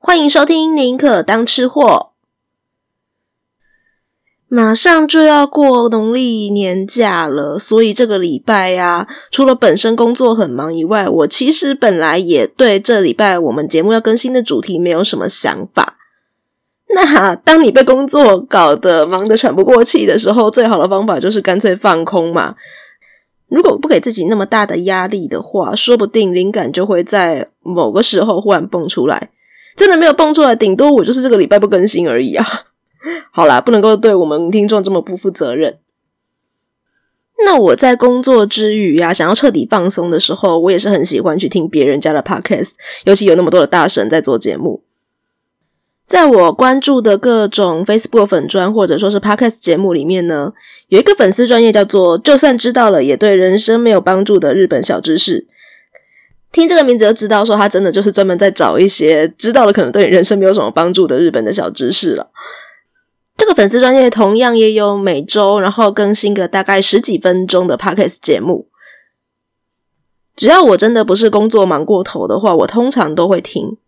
歡迎收聽《寧可當吃貨》。馬上就要過農曆年假了，所以這個禮拜呀、啊，除了本身工作很忙以外，我其實本來也對這禮拜我們節目要更新的主題沒有什麼想法。那當你被工作搞得忙得喘不過氣的時候，最好的方法就是乾脆放空嘛。如果不給自己那麼大的壓力的話，說不定靈感就會在某個時候忽然蹦出來。真的沒有蹦出來，頂多我就是這個禮拜不更新而已啊。好啦，不能夠對我們聽眾這麼不負責任。那我在工作之餘啊，想要徹底放鬆的時候，我也是很喜歡去聽別人家的 podcast，尤其有那麼多的大神在做節目。在我關注的各種 Facebook 粉專或者說是 Podcast 節目裡面呢，有一個粉絲專業叫做“就算知道了也對人生沒有幫助的日本小知識”。聽這個名字就知道，說他真的就是專門在找一些知道了可能對你人生沒有什麼幫助的日本的小知識了。這個粉絲專業同樣也有每周然後更新個大概十幾分鐘的 Podcast 節目。只要我真的不是工作忙過頭的話，我通常都會聽。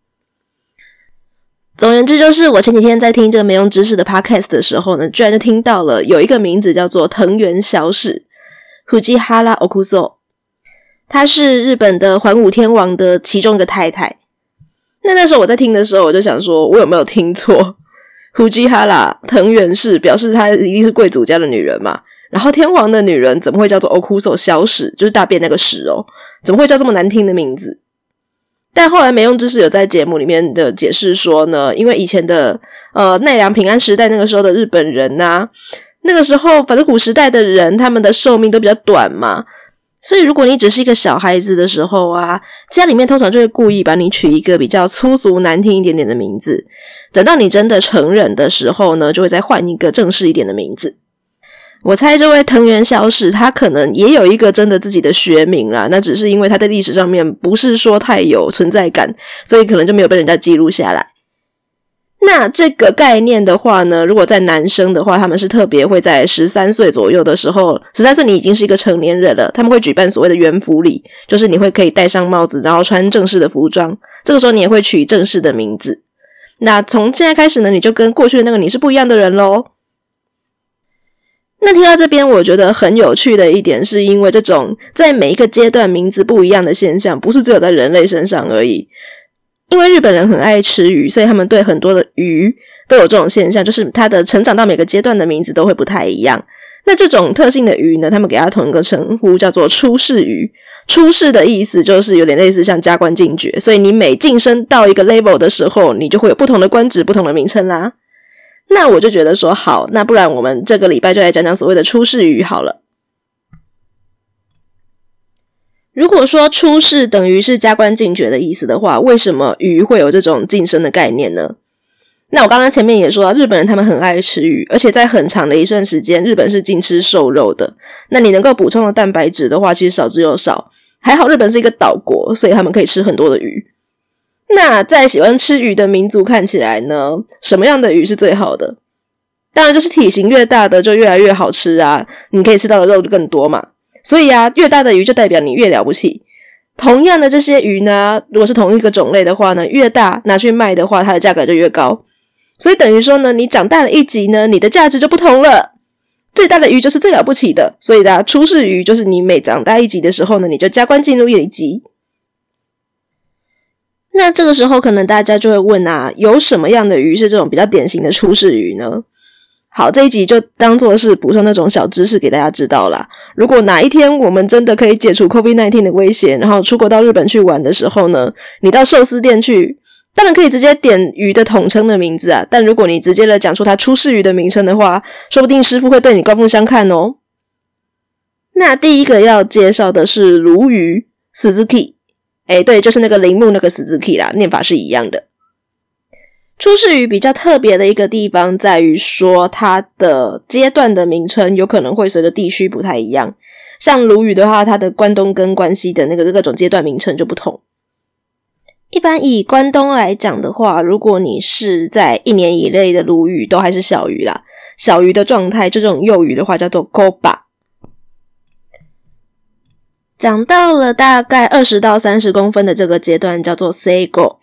總而言之，就是我前幾天在聽這個沒用知識的 podcast 的時候呢，居然就聽到了有一個名字叫做藤原小屎，胡吉哈拉奧庫索，她是日本的桓武天王的其中一個太太。那那時候我在聽的時候，我就想說，我有沒有聽錯？胡吉哈拉藤原氏表示，她一定是貴族家的女人嘛。然後天王的女人怎麼會叫做奧庫索小屎？就是大便那個屎哦，怎麼會叫這麼難聽的名字？但後來梅用知世有在節目裡面的解釋說呢，因為以前的呃奈良平安時代那個時候的日本人吶、啊，那個時候反正古時代的人他們的壽命都比較短嘛，所以如果你只是一個小孩子的時候啊，家裡面通常就會故意把你取一個比較粗俗難聽一點點的名字，等到你真的成人的時候呢，就會再換一個正式一點的名字。我猜這位藤原小屎，他可能也有一個真的自己的學名了，那只是因為他在歷史上面不是說太有存在感，所以可能就沒有被人家記錄下來。那這個概念的話呢，如果在男生的話，他們是特別會在十三歲左右的時候，十三歲你已經是一個成年人了，他們會舉辦所謂的元服禮，就是你會可以戴上帽子，然後穿正式的服裝，這個時候你也會取正式的名字。那從現在開始呢，你就跟過去的那個你是不一樣的人嘍。那聽到這邊，我覺得很有趣的一點，是因為這種在每一個階段名字不一樣的現象，不是只有在人類身上而已。因為日本人很愛吃魚，所以他們對很多的魚都有這種現象，就是它的成長到每個階段的名字都會不太一樣。那這種特性的魚呢，他們給它同一個稱呼，叫做“出世魚”。出世的意思就是有點類似像加官進爵，所以你每晉升到一個 label 的時候，你就會有不同的官職、不同的名稱啦。那我就覺得說好，那不然我們這個禮拜就來講講所謂的出世魚好了。如果說出世等於是加官進爵的意思的話，為什麼魚會有這種晉升的概念呢？那我剛剛前面也說，日本人他們很愛吃魚，而且在很長的一段時間，日本是禁吃瘦肉的。那你能夠補充的蛋白質的話，其實少之又少。還好日本是一個島國，所以他們可以吃很多的魚。那在喜歡吃魚的民族看起來呢，什麼樣的魚是最好的？當然就是體型越大的就越來越好吃啊，你可以吃到的肉就更多嘛。所以啊，越大的魚就代表你越了不起。同樣的，這些魚呢，如果是同一個種類的話呢，越大拿去賣的話，它的價格就越高。所以等於說呢，你長大了一級呢，你的價值就不同了。最大的魚就是最了不起的。所以大家出世魚就是你每長大一級的時候呢，你就加官進入一級。那這個時候，可能大家就會問啊，有什麼樣的魚是這種比較典型的出世魚呢？好，這一集就當做是補充那種小知識給大家知道啦。如果哪一天我們真的可以解除 COVID nineteen 的威脅，然後出國到日本去玩的時候呢，你到壽司店去，當然可以直接點魚的統稱的名字啊，但如果你直接的講出它出世魚的名稱的話，說不定師傅會對你刮目相看哦。那第一個要介紹的是鱸魚，スズキ。哎、欸，對，就是那個鈴木那個十字 key 啦，念法是一樣的。出世魚比較特別的一個地方在於說，它的階段的名稱有可能會隨着地區不太一樣。像鱸魚的話，它的關東跟關西的那個各種階段名稱就不同。一般以關東來講的話，如果你是在一年以內的鱸魚，都還是小魚啦，小魚的狀態就這種幼魚的話，叫做勾把長到了大概二十到三十公分的這個階段叫做 seigo。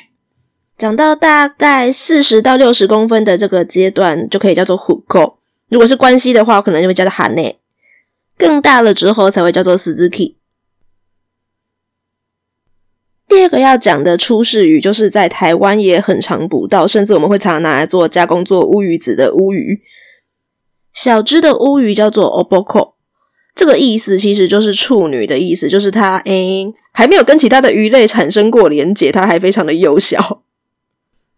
長到大概四十到六十公分的這個階段就可以叫做 fukko。如果是關西的話，可能就會叫做 hane。更大了之後才會叫做 suzuki。第二個要講的出世魚，就是在台灣也很常捕到，甚至我們會常常拿來做加工做烏魚子的烏魚。小只的烏魚叫做 oboko 這個意思其實就是處女的意思，就是她，誒、欸、還沒有跟其他的魚類產生過連結，她還非常的幼小。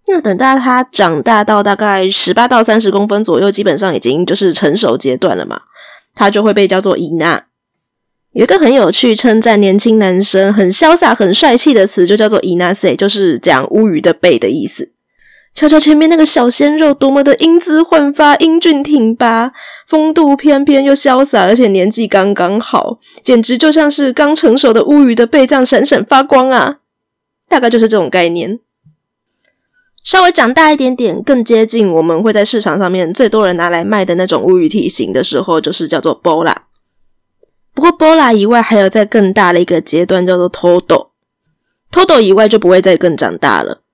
那等到她長大到大概十八到三十公分左右，基本上已經就是成熟階段了嘛，她就會被叫做伊娜。有一個很有趣稱讚年輕男生很瀟灑、很帥氣的詞，就叫做伊娜塞，就是講烏魚的背的意思。瞧瞧前面那個小鮮肉，多麼的英姿煥發、英俊挺拔、風度翩翩又瀟灑，而且年紀剛剛好，簡直就像是剛成熟的烏魚的背髒閃閃發光啊！大概就是這種概念。稍微長大一點點，更接近我們會在市場上面最多人拿來賣的那種烏魚體型的時候，就是叫做波拉。不過波拉以外，還有在更大的一個階段叫做托斗，托斗以外，就不會再更長大了。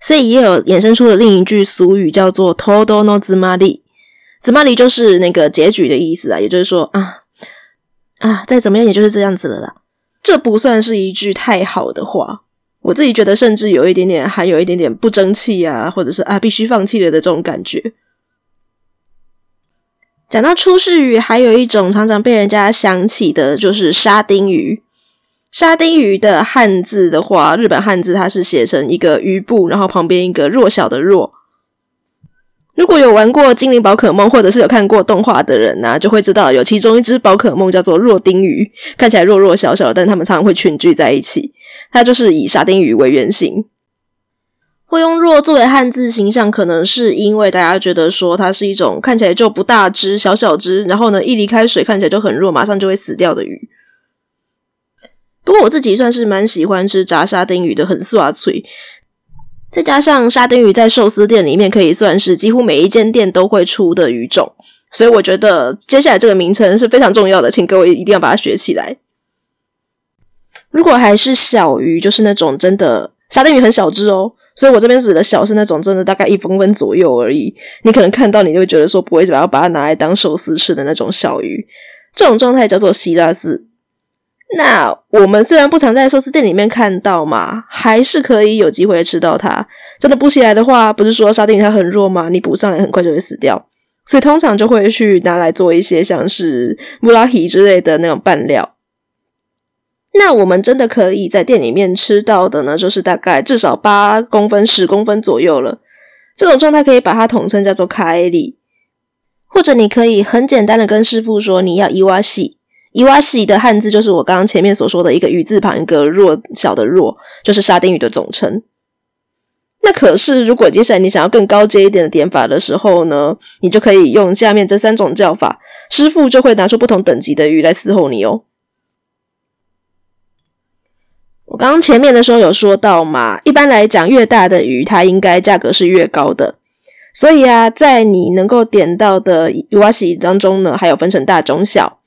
所以也有衍生出了另一句俗語，叫做“とどのつまり”，“つまり”就是那個結局的意思啊，也就是說啊啊，再怎麼樣也就是這樣子了啦。這不算是一句太好的話，我自己覺得甚至有一點點，還有一點點不爭氣啊，或者是啊必須放棄了的這種感覺。講到出世魚，還有一種常常被人家想起的就是沙丁魚。沙丁魚的漢字的話，日本漢字它是寫成一個魚部，然後旁邊一個弱小的弱。如果有玩過精靈寶可夢，或者是有看過動畫的人啊，就會知道有其中一隻寶可夢叫做弱丁魚，看起來弱弱小小的，但是他們常常會群聚在一起。它就是以沙丁魚為原型，會用弱作為漢字形象，可能是因為大家覺得說它是一種看起來就不大隻、小小隻，然後呢一離開水看起來就很弱，馬上就會死掉的魚。不過我自己算是蠻喜歡吃炸沙丁魚的，很酥脆。再加上沙丁魚在壽司店裡面可以算是幾乎每一間店都會出的魚種，所以我覺得接下來這個名稱是非常重要的，請各位一定要把它學起來。如果還是小魚，就是那種真的沙丁魚很小只哦，所以我這邊指的小是那種真的大概一公分左右而已。你可能看到你就會覺得說不會，把要把它拿來當壽司吃的那種小魚，這種狀態叫做希拉斯。那我們雖然不常在壽司店裡面看到嘛，還是可以有機會吃到它。真的捕起來的話，不是說沙丁魚它很弱嗎？你捕上來很快就會死掉，所以通常就會去拿來做一些像是穆拉提之類的那種拌料。那我們真的可以在店裡面吃到的呢，就是大概至少八公分、十公分左右了。這種狀態可以把它統稱叫做凱里，或者你可以很簡單的跟師傅說你要伊娃系。伊瓦西的漢字就是我剛剛前面所說的，一個魚字旁，一個弱小的弱，就是沙丁魚的總稱。那可是，如果接下來你想要更高階一點的點法的時候呢，你就可以用下面這三種叫法，師傅就會拿出不同等級的魚來伺候你哦。我剛剛前面的時候有說到嘛，一般來講，越大的魚它應該價格是越高的，所以啊，在你能夠點到的伊瓦西當中呢，還有分成大、中、小。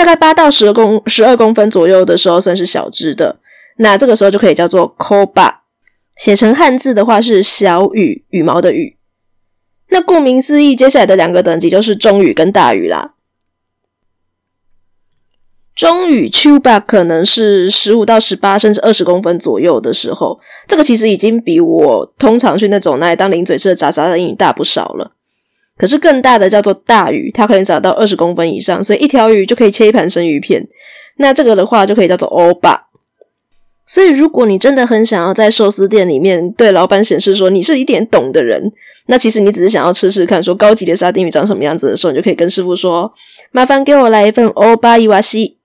大概八到十公十二公分左右的時候，算是小隻的。那這個時候就可以叫做 koba，寫成漢字的話是小羽，羽毛的羽。那顧名思義，接下來的兩個等級就是中羽跟大羽啦。中羽 chuba 可能是十五到十八甚至二十公分左右的時候，這個其實已經比我通常去那種拿來當零嘴吃的渣渣的英語大不少了。可是更大的叫做大魚，它可以長到二十公分以上，所以一條魚就可以切一盤生魚片。那這個的話就可以叫做歐巴。所以如果你真的很想要在壽司店裡面對老板顯示說你是一點懂的人，那其實你只是想要吃吃看說高級的沙丁魚長什麼樣子的時候，你就可以跟師傅說：“麻煩給我來一份歐巴伊瓦西。”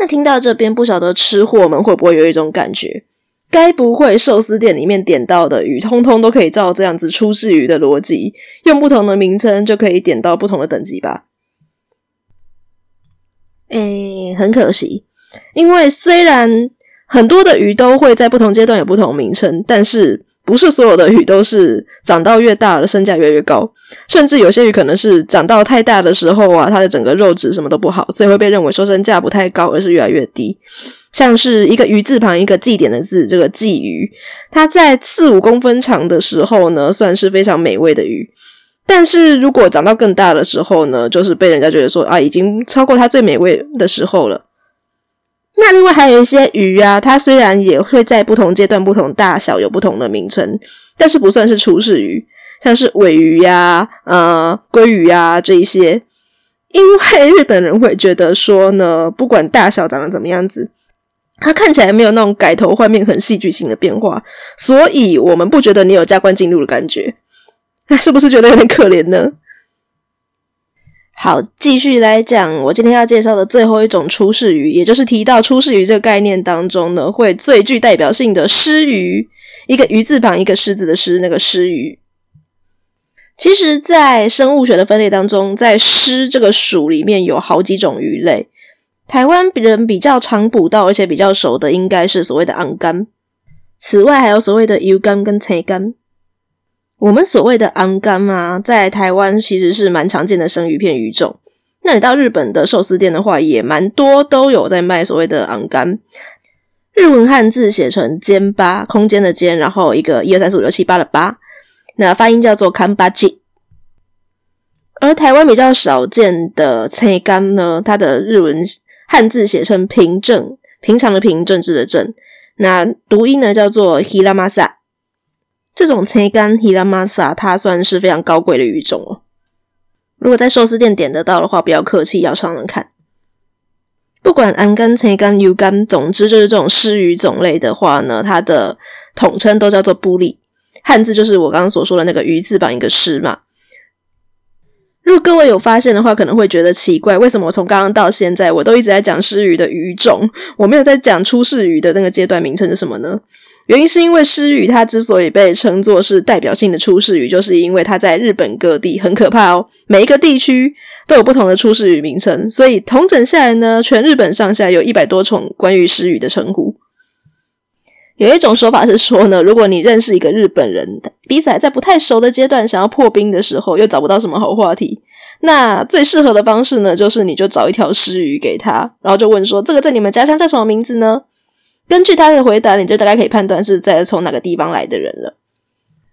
那聽到這邊，不曉得吃貨們會不會有一種感覺？該不會壽司店裡面點到的魚，通通都可以照這樣子出世魚的邏輯，用不同的名稱就可以點到不同的等級吧？哎、欸，很可惜，因為雖然很多的魚都會在不同階段有不同的名稱，但是，不是所有的魚都是長到越大的身價越來越高，甚至有些魚可能是長到太大的時候啊，它的整個肉質什麼都不好，所以會被認為說身價不太高，而是越來越低。像是一個魚字旁一個祭典的字，這個鰶魚，它在四五公分長的時候呢，算是非常美味的魚，但是如果長到更大的時候呢，就是被人家覺得說啊，已經超過它最美味的時候了。那另外還有一些魚啊，它雖然也會在不同階段、不同大小有不同的名稱，但是不算是出世魚，像是尾魚呀、啊、呃鮭魚啊這一些。因為日本人會覺得說呢，不管大小長得怎麼樣子，它看起來沒有那種改頭換面很戲劇性的變化，所以我們不覺得你有加官進祿的感覺，是不是覺得有點可憐呢？好，繼續來講我今天要介紹的最後一種出世魚，也就是提到出世魚這個概念當中呢，會最具代表性的、的鰤魚，一個魚字旁一個獅字的獅，那個鰤魚。其實，在生物學的分類當中，在鰤這個屬裡面有好幾種魚類，台灣人比較常捕到而且比較熟的，應該是所謂的昂甘。此外，還有所謂的油甘跟菜甘。我們所謂的昂肝啊，在台灣其實是蠻常見的生魚片魚種。那你到日本的壽司店的話，也蠻多都有在賣所謂的昂肝。日文漢字寫成「間八」，空間的「間」，然後一個一二三四五六七八的“八”。那發音叫做 Kanpachi。而台灣比較少見的菜肝呢，它的日文漢字寫成“平政”，平常的“平”，政治的「政」。那讀音呢叫做 Hiramasa 這種青干 hiramasa，它算是非常高貴的魚種哦。如果在壽司店點得到的話，不要客氣，要嚐嚐看。不管安干、青干、牛干，總之就是這種鰤魚種類的話呢，它的統稱都叫做“布利”，漢字就是我剛剛所說的那個“魚”字旁一個“師”嘛。如果各位有發現的話，可能會覺得奇怪，為什麼我從剛剛到現在，我都一直在講鰤魚的魚種，我沒有在講出世魚的那個階段名稱是什麼呢？原因是因為鰤魚，它之所以被稱作是代表性的出世魚，就是因為它在日本各地很可怕哦。每一個地區都有不同的出世魚名稱，所以統整下來呢，全日本上下有一百多種關於鰤魚的稱呼。有一種說法是說呢，如果你認識一個日本人，彼此還在不太熟的階段，想要破冰的時候，又找不到什麼好話題，那最適合的方式呢，就是你就找一條鰤魚給他，然後就問說：這個在你們家鄉叫什麼名字呢？根據他的回答，你就大概可以判斷是在從哪個地方來的人了。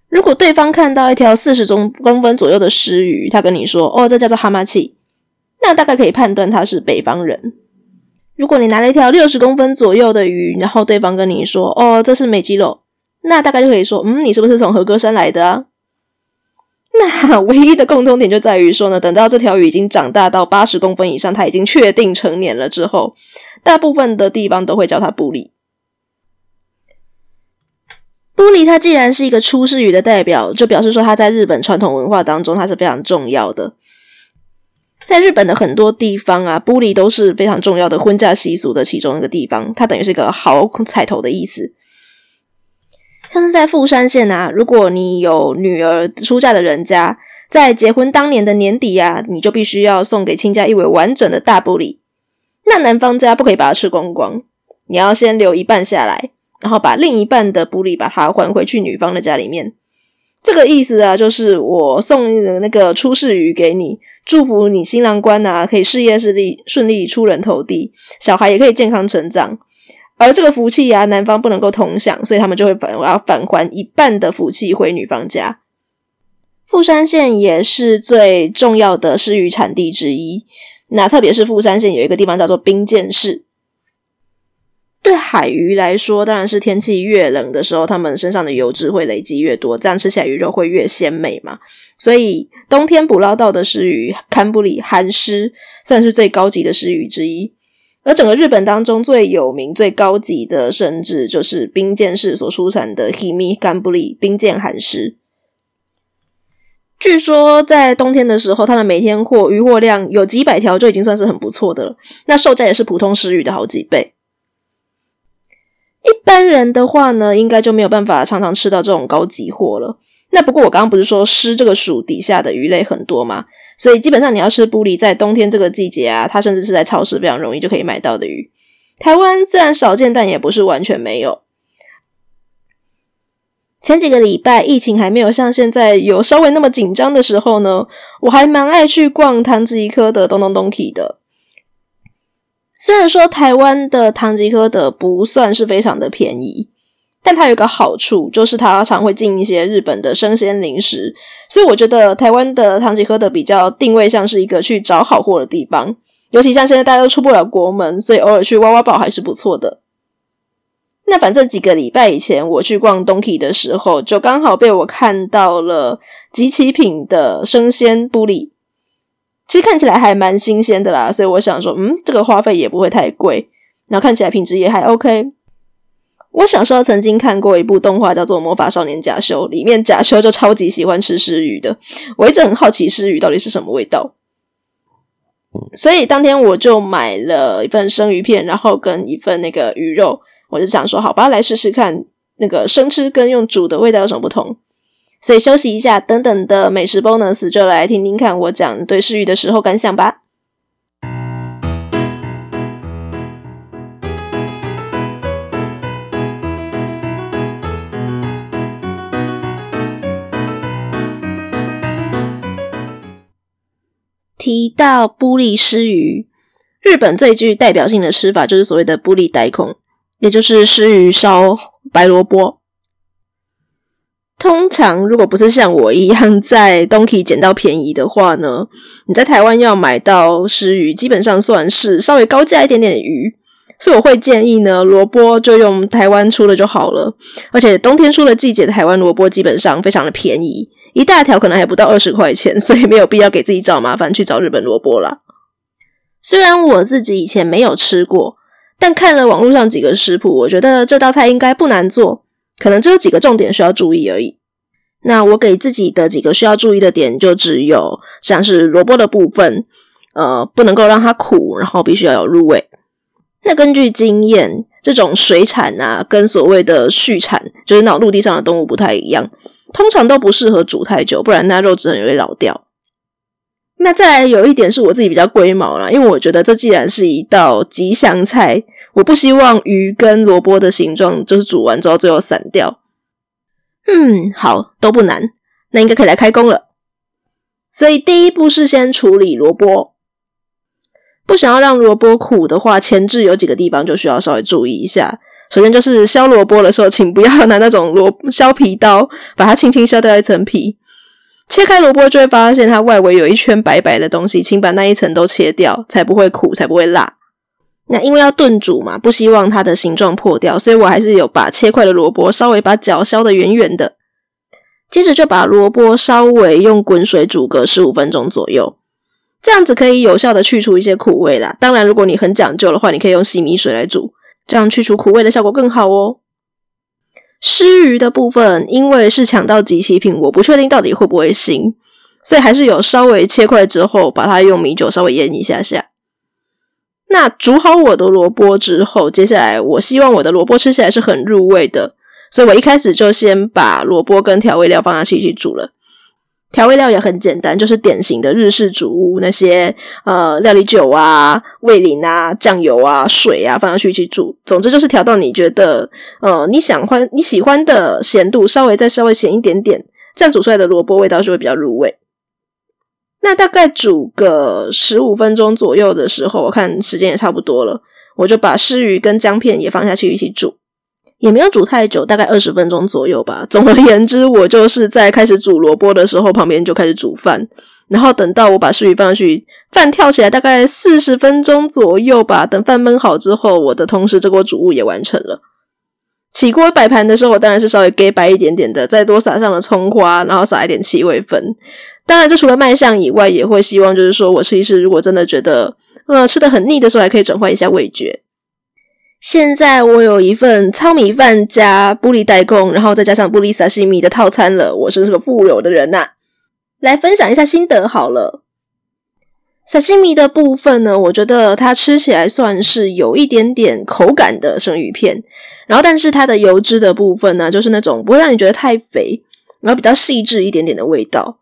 如果對方看到一條四十公公分左右的鰤魚，他跟你說：“哦，這叫做哈馬奇”，那大概可以判斷他是北方人。如果你拿了一條六十公分左右的魚，然後對方跟你說：“哦，這是美吉肉”，那大概就可以說：“嗯，你是不是從和歌山來的啊？”那唯一的共通點就在於說呢，等到這條魚已經長大到八十公分以上，它已經確定成年了之後，大部分的地方都會叫它布里。鰤，它既然是一個出世魚的代表，就表示說它在日本傳統文化當中，它是非常重要的。在日本的很多地方啊，鰤都是非常重要的婚嫁習俗的其中一個地方，它等於是一個好彩頭的意思。像、就是在富山縣吶、啊，如果你有女兒出嫁的人家，在結婚當年的年底呀、啊，你就必須要送給親家一尾完整的大鰤。那男方家不可以把它吃光光，你要先留一半下來。然後把另一半的布禮把它還回去女方的家裡面，這個意思啊，就是我送的那個出世魚給你，祝福你新郎官啊可以事業順利順利、出人頭地，小孩也可以健康成長。而這個福氣啊，男方不能夠同享，所以他們就會返，我、啊、要返還一半的福氣回女方家。富山縣也是最重要的鰤魚產地之一，那特別是富山縣有一個地方叫做冰見市。對海魚來說，當然是天氣越冷的時候，它們身上的油脂會累積越多，這樣吃起來魚肉會越鮮美嘛。所以冬天捕撈到的鰤魚堪布里寒鰤算是最高級的鰤魚之一。而整個日本當中最有名、最高級的，甚至就是冰見市所出產的 Himi 甘布里冰見寒鰤。據說在冬天的時候，它的每天貨漁獲量有幾百條，就已經算是很不錯的了。那售價也是普通鰤魚的好幾倍。一般人的話呢，應該就沒有辦法常常吃到這種高級貨了。那不過我剛剛不是說，鰤這個屬底下的魚類很多嘛，所以基本上你要吃鰤魚，在冬天這個季節啊，它甚至是在超市非常容易就可以買到的魚。台灣雖然少見，但也不是完全沒有。前幾個禮拜疫情還沒有像現在有稍微那麼緊張的時候呢，我還蠻愛去逛唐吉訶德的東東東奇的。雖然說台灣的唐吉訶德不算是非常的便宜，但它有一個好處，就是它常會進一些日本的生鮮零食，所以我覺得台灣的唐吉訶德比較定位像是一個去找好貨的地方，尤其像現在大家都出不了國門，所以偶爾去挖挖寶還是不錯的。那反正幾個禮拜以前我去逛 Donkey 的時候，就剛好被我看到了集齊品的生鮮布里。其實看起來還蠻新鮮的啦，所以我想說，嗯，這個花費也不會太貴，然後看起來品質也還 OK。我小時候曾經看過一部動畫叫做《魔法少年賈修》，裡面賈修就超級喜歡吃鰤魚的。我一直很好奇鰤魚到底是什麼味道，所以當天我就買了一份生魚片，然後跟一份那個魚肉，我就想說，好吧，來試試看那個生吃跟用煮的味道有什麼不同。所以休息一下，等等的美食 bonus 就來聽聽看我講對鰤魚的時候感想吧。提到布利鰤魚，日本最具代表性的吃法就是所謂的布利大根，也就是鰤魚燒白蘿蔔。通常，如果不是像我一樣在 Donkey 撿到便宜的話呢，你在台灣要買到鰤魚，基本上算是稍微高價一點點的魚，所以我會建議呢，蘿蔔就用台灣出的就好了。而且冬天出了季節的台灣蘿蔔，基本上非常的便宜，一大條可能還不到二十塊錢，所以沒有必要給自己找麻煩去找日本蘿蔔啦。雖然我自己以前沒有吃過，但看了網絡上幾個食譜，我覺得這道菜應該不難做。可能只有幾個重點需要注意而已。那我給自己的幾個需要注意的點，就只有像是蘿蔔的部分，呃，不能夠讓它苦，然後必須要有入味。那根據經驗，這種水產啊，跟所謂的畜產，就是那種陸地上的動物不太一樣，通常都不適合煮太久，不然那肉質很容易老掉。那再來有一點是我自己比較龜毛啦，因為我覺得這既然是一道吉祥菜，我不希望魚跟蘿蔔的形狀就是煮完之後最後散掉。嗯，好，都不難，那應該可以來開工了。所以第一步是先處理蘿蔔，不想要讓蘿蔔苦的話，前置有幾個地方就需要稍微注意一下。首先就是削蘿蔔的時候，請不要拿那種蘿削皮刀，把它輕輕削掉一層皮。切開蘿蔔就會發現它外圍有一圈白白的東西，請把那一層都切掉，才不會苦，才不會辣。那因為要燉煮嘛，不希望它的形狀破掉，所以我還是有把切塊的蘿蔔稍微把角削得圓圓的。接着就把蘿蔔稍微用滾水煮個十五分鐘左右，這樣子可以有效地去除一些苦味啦。當然，如果你很講究的話，你可以用洗米水來煮，這樣去除苦味的效果更好哦。鰤魚的部分，因為是搶到即期品，我不確定到底會不會腥，所以還是有稍微切塊之後，把它用米酒稍微醃一下下。那煮好我的蘿蔔之後，接下來我希望我的蘿蔔吃起來是很入味的，所以我一開始就先把蘿蔔跟調味料放下去一起一起煮了。調味料也很簡單，就是典型的日式煮物，那些呃料理酒啊、味醂啊、醬油啊、水啊放下去一起煮。總之就是調到你覺得呃你想歡你喜歡的鹹度，稍微再稍微鹹一點點，這樣煮出來的蘿蔔味道就會比較入味。那大概煮個十五分鐘左右的時候，我看時間也差不多了，我就把鰤魚跟薑片也放下去一起煮。也沒有煮太久，大概二十分鐘左右吧。總而言之，我就是在開始煮蘿蔔的時候，旁邊就開始煮飯，然後等到我把鰤魚放上去，飯跳起來大概四十分鐘左右吧。等飯燜好之後，我的同時這鍋煮物也完成了。起鍋擺盤的時候，我當然是稍微假掰一點點的，再多撒上了蔥花，然後撒一點七味粉。當然，這除了賣相以外，也會希望就是說我吃一吃，如果真的覺得呃吃的很膩的時候，還可以轉換一下味覺。現在我有一份糙米飯加布裡代貢，然後再加上布裡薩西米的套餐了。我是個富有的人吶、啊，來分享一下心得好了。薩西米的部分呢，我覺得它吃起來算是有一點點口感的生魚片，然後但是它的油脂的部分呢，就是那種不會讓你覺得太肥，然後比較細緻一點點的味道。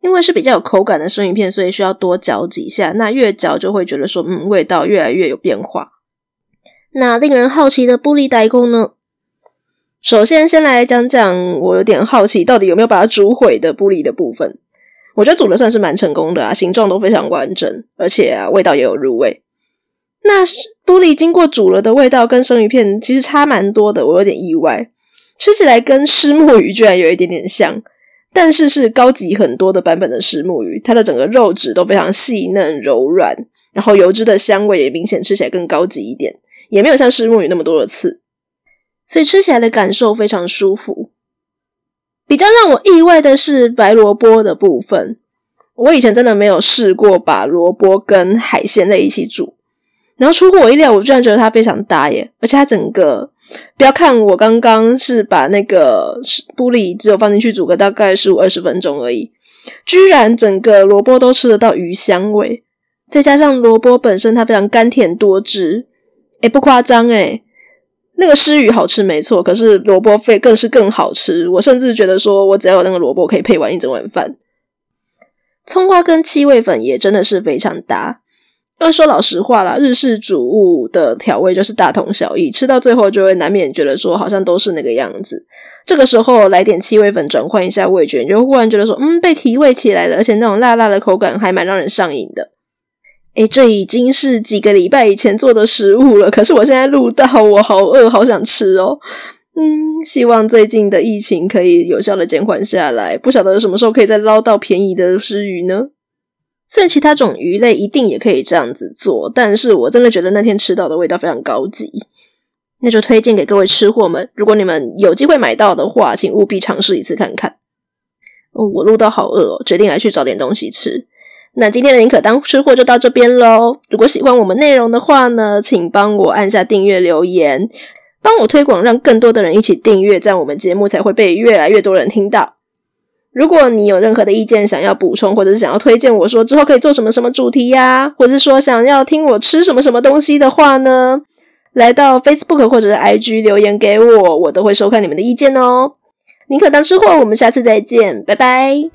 因為是比較有口感的生魚片，所以需要多嚼幾下。那越嚼就會覺得說，嗯，味道越來越有變化。那令人好奇的鰤大根呢？首先，先來講講，我有點好奇，到底有沒有把它煮毀的鰤的部分？我覺得煮的算是蠻成功的啊，形狀都非常完整，而且啊，味道也有入味。那鰤經過煮了的味道跟生魚片其實差蠻多的，我有點意外。吃起來跟虱目魚居然有一點點像，但是是高級很多的版本的虱目魚，它的整個肉質都非常細嫩柔軟，然後油脂的香味也明顯，吃起來更高級一點。也沒有像虱目魚那麼多的刺，所以吃起來的感受非常舒服。比較讓我意外的是白蘿蔔的部分，我以前真的沒有試過把蘿蔔跟海鮮在一起煮，然後出乎我意料，我居然覺得它非常搭耶！而且它整個，不要看我剛剛是把那個鰤魚只有放進去煮個大概十五二十分鐘而已，居然整個蘿蔔都吃得到魚香味，再加上蘿蔔本身它非常甘甜多汁。也、欸、不誇張誒、欸，那個鰤魚好吃沒錯，可是蘿蔔費更是更好吃。我甚至覺得說，我只要有那個蘿蔔，可以配完一整碗飯。蔥花跟七味粉也真的是非常搭。要說老實話啦，日式煮物的調味就是大同小異，吃到最後就會難免覺得說，好像都是那個樣子。這個時候來點七味粉轉換一下味覺，你就忽然覺得說，嗯，被提味起來了，而且那種辣辣的口感還蠻讓人上癮的。哎，這已經是幾個禮拜以前做的食物了。可是我現在錄到，我好餓，好想吃哦。嗯，希望最近的疫情可以有效的減緩下來。不曉得什麼時候可以再撈到便宜的鰤魚呢？雖然其他種魚類一定也可以這樣子做，但是我真的覺得那天吃到的味道非常高級，那就推薦給各位吃貨們。如果你們有機會買到的話，請務必嘗試一次看看。哦，我錄到好餓哦，決定來去找點東西吃。那今天的寧可當吃貨就到這邊嘍。如果喜歡我們內容的話呢，請幫我按下訂閱、留言，幫我推廣，讓更多的人一起訂閱，這樣我們節目才會被越來越多人聽到。如果你有任何的意見想要補充，或者是想要推薦我說之後可以做什麼什麼主題呀、啊，或者是說想要聽我吃什麼什麼東西的話呢，來到 Facebook 或者是 IG 留言給我，我都會收看你們的意見哦。寧可當吃貨，我們下次再見，拜拜。